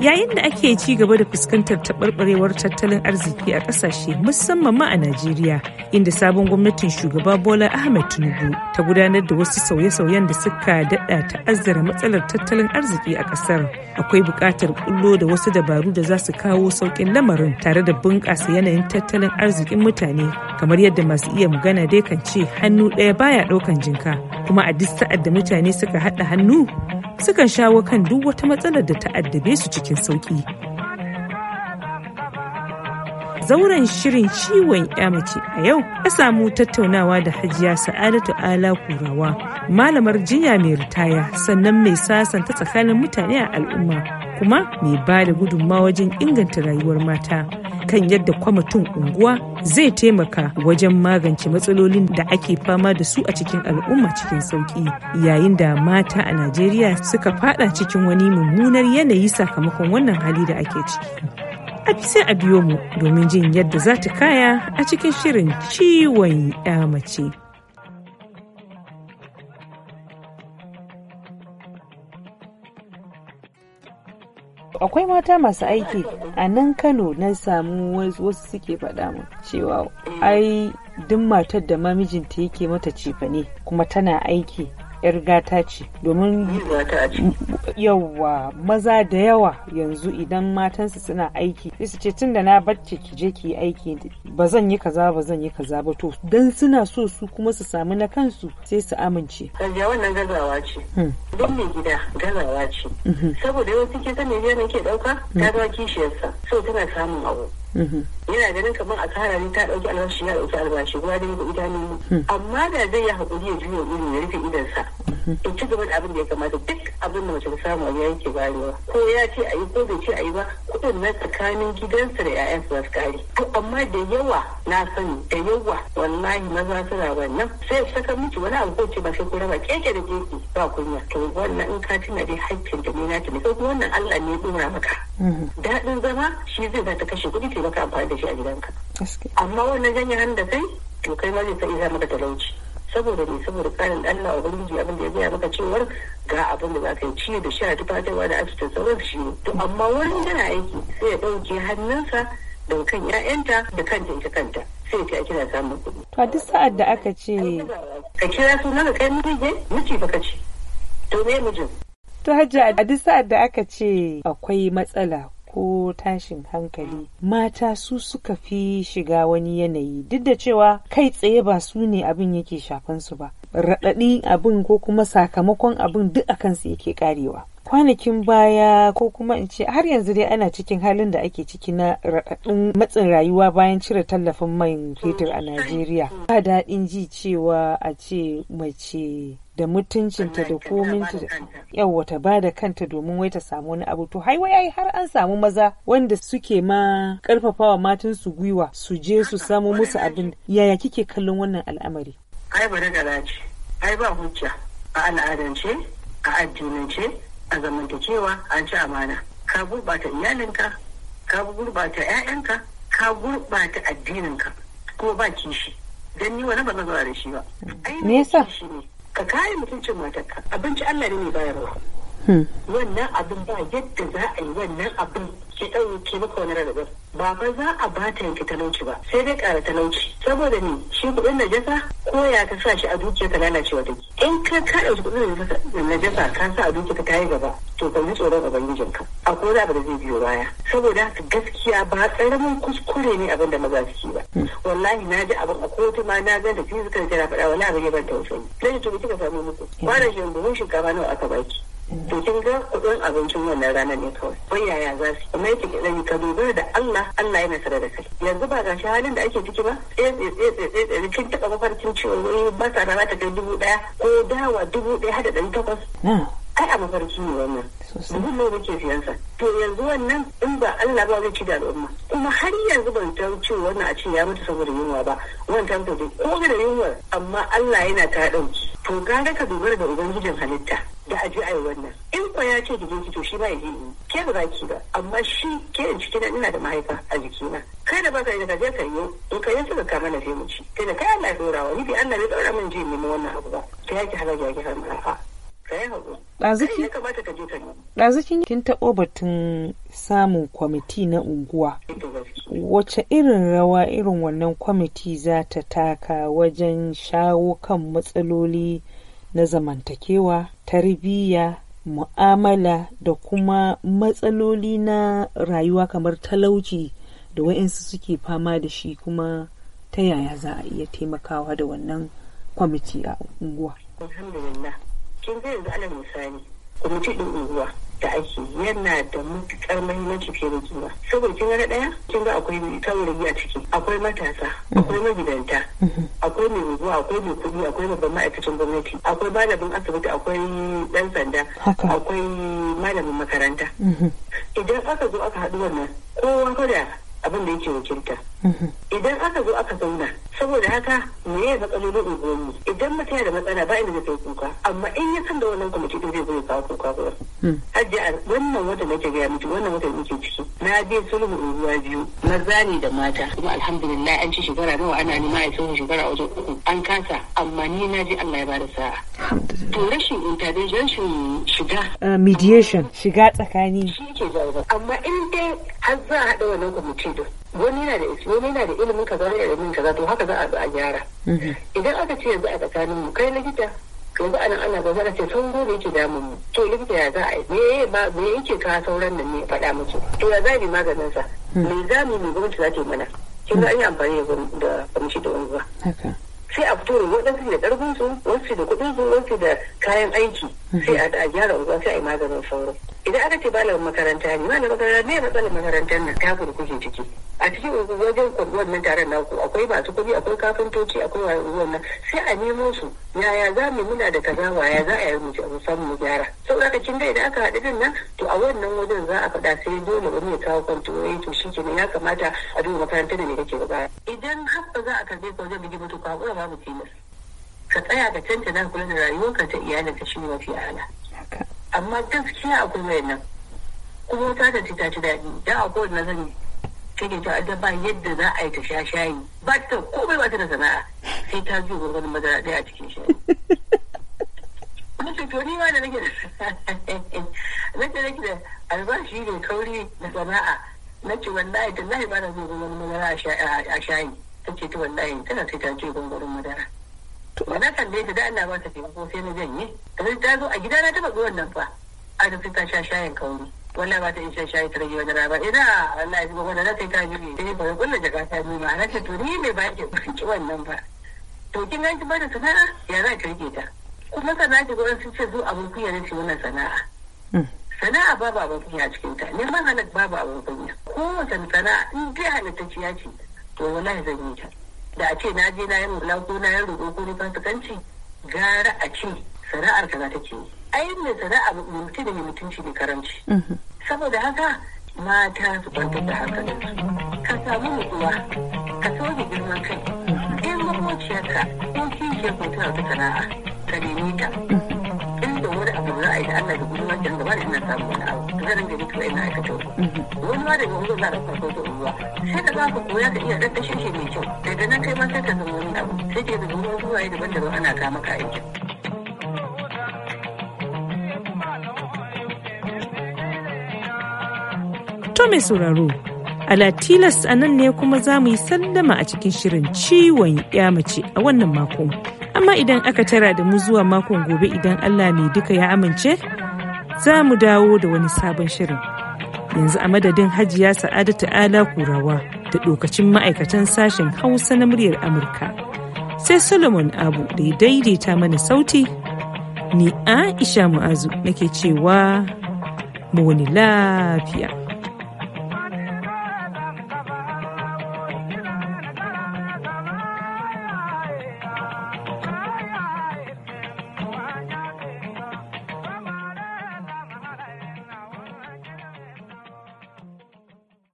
yayin da ake ci gaba da fuskantar taɓarɓarewar tattalin arziki a ƙasashe musamman ma a najeriya inda sabon gwamnatin shugaba bola ahmed tinubu ta gudanar da wasu sauye-sauyen da suka daɗa ta'azzara matsalar tattalin arziki a ƙasar akwai buƙatar kullo da wasu dabaru da za su kawo sauƙin lamarin tare da bunƙasa yanayin tattalin arzikin mutane kamar yadda masu iya magana dai kan ce hannu ɗaya baya ɗaukan jinka kuma a duk sa'ad da mutane suka haɗa hannu sukan shawo kan duk wata matsalar da ta addabe su cikin sauƙi. Zauren shirin ciwon mace a yau ya samu tattaunawa da hajiya sa'adatu ala kurawa malamar jinya mai ritaya sannan mai sasanta tsakanin mutane a al'umma kuma mai ba da gudunma wajen inganta rayuwar mata kan yadda kwamitin unguwa zai taimaka wajen magance matsalolin da ake fama da su a cikin al'umma cikin sauki yayin da mata a najeriya suka fada cikin wani mummunar yanayi sakamakon wannan hali da ake ciki A fi sai a biyo mu domin jin yadda za ta kaya a cikin shirin ciwon ya mace. akwai mata masu aiki a nan kano na samu wasu suke faɗa mu cewa ai duk matar da mamijinta yake mata cefane kuma tana aiki 'yar gata ce domin yawa maza da yawa yanzu idan matansu suna aiki sai su ce tun da na bacci ki je ki aiki ba zan yi kaza ba zan yi kaza ba to dan suna so su kuma su samu na kansu sai su amince. Kajiya wannan gazawa ce. Hmm. mai gida ce. Mhm. Saboda yau cikin sanin mai ke ɗauka ta hmm. ga kishiyarsa so tana samun abu. yana ganin kamar a kara ne ta ɗauki albashi ya ɗauki albashi gudanar da idanu hmm. amma da zai yi haƙuri ya juya ido ya rufe idansa Mm. to ci gaba da abin da ya kamata duk abin da mace ta samu a gidan ke bayarwa ko ya ce a yi ko bai ce a yi ba kuɗin na tsakanin gidansa da yayan su su kare to amma da yawa na sani da yawa wallahi maza suna wannan sai saka miki wani abu ko ce ba sai ko raba keke da keke ba kunya to wannan in ka tuna dai haƙƙin da ne na tuni sai wannan Allah ne ya dora maka mm-hmm. daɗin zama shi zai za ta kashe kuɗi ke maka amfani da shi a gidanka amma wannan ganyen da kai to kai ma zai sai za maka talauci saboda ne saboda karin Allah ubangiji abin da ya gaya maka cewar ga abin da za ka yi ciye da sha tufatarwa da asibiti sauran shi ne to amma wurin yana aiki sai ya ɗauke hannunsa daga kan 'ya'yanta da kanta ita kanta sai ta kira samun kuɗi. to duk sa'ad da aka ce ka kira suna ka kai miji miji ba ka ce to me mijin. to hajji a duk sa'ar da aka ce akwai matsala ko tashin hankali mata su suka fi shiga wani yanayi duk da cewa kai tsaye ba su ne abin yake shafan su ba raɗaɗi abin ko kuma sakamakon abin duk a kansu yake karewa kwanakin baya ko kuma in ce har yanzu dai ana cikin halin da ake ciki na raɗaɗin matsin rayuwa bayan cire tallafin man fetur a najeriya ba daɗin ji cewa a ce mace da mutuncinta da kominta yawa ta ba da kanta domin wai ta samu wani abu to haiwa yayi har an samu maza wanda suke ma karfafawa matan su gwiwa su je su samu musu abin yaya kike kallon wannan al'amari ai ba daga ce ai ba hujja a al'adance a addinance a zamantakewa an ci amana ka gurbata iyalinka ka gurbata 'ya'yanka ka gurbata addininka ko ba kishi don ni wani ba zan da shi ba. Me yasa? ka kare mutuncin matarka abinci Allah ne mai bayarwa hmm. wannan abin ba yadda za a yi wannan abin ke ɗauke maka wani rarrabar ba ba za a ba ta yanke talauci ba sai dai ƙara talauci saboda ni shi kuɗin na jasa, ko ya ka sa shi a lalace lalacewa take in ka ka ɗauki kuɗin jasa, ka sa a dukiyarka ta yi gaba to ka yi tsoron ubangijinka a ko abu da zai biyo baya saboda gaskiya ba tsaramin kuskure ne abin da maza suke ba hmm. wallahi na ji abin a kotu ma na ganta fizikal jira faɗa wani abin ya ban tausayi zai to kika samu muku hmm. kwanan shi mun shinkafa nawa aka baki hmm. to kin ga kudin abincin wannan ranar ne kawai wai yaya za su mai yake kidan ka dogara da Allah Allah yana nasara da kai yanzu ba ga halin da ake ciki ba eh eh eh eh kin taba mafarkin cewa ba sa rana ta dubu daya ko dawa dubu daya hada dan takwas ai a mafarki ne wannan mun ne nake siyansa to yanzu wannan in ba Allah ba zai ci da al'umma kuma har yanzu ban ta wuce wannan a ce ya mutu saboda yunwa ba wannan tantance ko da yunwa amma Allah yana ta dauki to gara ka dogara da ubangijin halitta da a ji a yi wannan in ko ya ce gidan ki to shi ba ya ji ke ba ki ba amma shi ke in cikin ina da mahaifa a jikina kai da baka yi ka je ka yi in ka yi suka kama na sai mu ci kai da kai Allah ya dora wa ni bi Allah ya dora min jini mu wannan abu ba ta yaki halaka ki har marafa kaya hakuri ɗazukin kin taɓo batun samun kwamiti na unguwa wace irin rawa irin wannan kwamiti za ta taka wajen shawo kan matsaloli na zamantakewa tarbiyya mu'amala da kuma matsaloli na rayuwa kamar talauci da wa'insu suke fama da shi kuma ta yaya za a iya taimakawa da wannan kwamiti a unguwa kin ga yanzu alal misali kwamitin ɗin unguwa da ake yana da matuƙar mahimmanci fiye da kima saboda kin ga ɗaya kin ga akwai saurayi a ciki akwai matasa akwai magidanta akwai mai unguwa akwai mai kuɗi akwai babban ma'aikacin gwamnati akwai malamin asibiti akwai ɗan sanda akwai malamin makaranta mhm. idan aka zo aka haɗu wannan kowa kada abin da yake wakilta. Mhm. Idan aka zo aka zauna saboda haka me ya matsalolin unguwanni idan mutum yana da matsala ba inda zai kuka amma in ya san da wannan kwamiti ɗin zai zai kawo kuka ba. Hmm. Hajji a wannan wata nake gaya miki wannan wata nake ciki na je sulhu unguwa biyu maza ne da mata kuma alhamdulillah an ci shekara nawa ana nema a sulhu shekara wajen uku an kasa amma ni na je Allah ya bada sa'a. To rashin intervention shiga. Ah, mediation shiga tsakani. Shi ke zaune. amma in dai har za a haɗa wannan kwamiti din wani yana da wani yana da ilimin kaza wani da ilimin kaza to haka za a bi a gyara mhm. idan aka ce yanzu a tsakanin mu kai likita yanzu ana ana ba za ce sun gobe yake damun mu to likita ya za a yi me ba me yake ka sauran nan ne faɗa musu to ya za mu maganin sa hmm. me za mu yi gwamnati za ta yi mana kin ga hmm. an yi amfani da kwamiti da wani ba? sai a fito waɗansu da ƙarfin su wasu da kuɗin su wasu da kayan aiki hmm. sai a gyara unguwa sai a yi maganin sauran idan aka ce malamin makaranta ne malamin makaranta ne matsalar makarantar nan ta gurguje ciki a cikin wajen wannan taron naku akwai masu kuɗi akwai kafintoci akwai nan. sai a nemo su yaya za mu muna da kaza waya za a yi mu samu mu gyara Sau da kin dai da aka haɗu din nan to a wannan wajen za a faɗa sai dole wani ya kawo kwantoyi to shi kenan ya kamata a duba makarantar da ne kake baya. idan haka za a karbe ka wajen bigi mutu babu tilas ka tsaya ka tantana kula da rayuwarka ta iyalinka shi ne mafi ala amma gaskiya akwai wayannan kuma ta da ta ci daɗi da a kowane nazari take ta adda ba yadda za a yi ta sha shayi ba ta komai ba ta da sana'a sai ta zo gurgurin madara ɗaya a cikin shayi mutu to ni ma da nake da nake nake da albashi ne kauri da sana'a na ce wallahi yi ba na zo gurgurin madara a shayi ta ce ta wallahi tana sai ta je gurgurin madara to na kalle ta da Allah ba ta taimako sai na janye ta ta zo a gida na taba nan fa a da ta sha shayin kauri wannan ba ta isa shayi ta rage wani raba ina gwamnati na ta sai ta nuna to ni ki wannan ba to kin ganci ba da sana'a ya za ka rike ta kuma sana'a gwamnati sun ce zo abun ce wannan sana'a hmm. sana'a babu abin a cikin ta neman halak babu abin kunya kowace sana'a in dai halittacciya ce to wallahi zan yi ta da a ce na je na yi rula na yi roƙo ko fasikanci gara a ce sana'ar kaza take yi ayin mai sana'a mutum da mutunci ne karamci mhm. saboda haka mata su kwantar da haka ka samu nutsuwa ka soke girman kai mhm. in makociyarka ko kishiyar mutum ta sana'a ka nemi ta mhm. aisha Allah da gudu wancan gaba da ina samu wani abu ta zanen da mutuwa ina aikata mhm. wani ma daga wanzu za ka farko ta unguwa sai da ba ka koya ka iya ɗan kashe shi mai kyau daga nan kai ma sai ka zama wani abu sai ke zuba wani zuwa daban-daban ana kama ka aikin. To mai sauraro, ala tilas a nan ne kuma za mu yi sallama a cikin shirin ciwon ya mace a wannan mako. amma idan aka tara da mu zuwa makon gobe idan Allah mai duka ya amince za mu dawo da wani sabon shirin yanzu a madadin hajiya sa'adatu ala kurawa da dokacin ma'aikatan sashen hausa na muryar amurka sai solomon abu da ya daidaita mana sauti ni aisha mu'azu nake cewa mu wani lafiya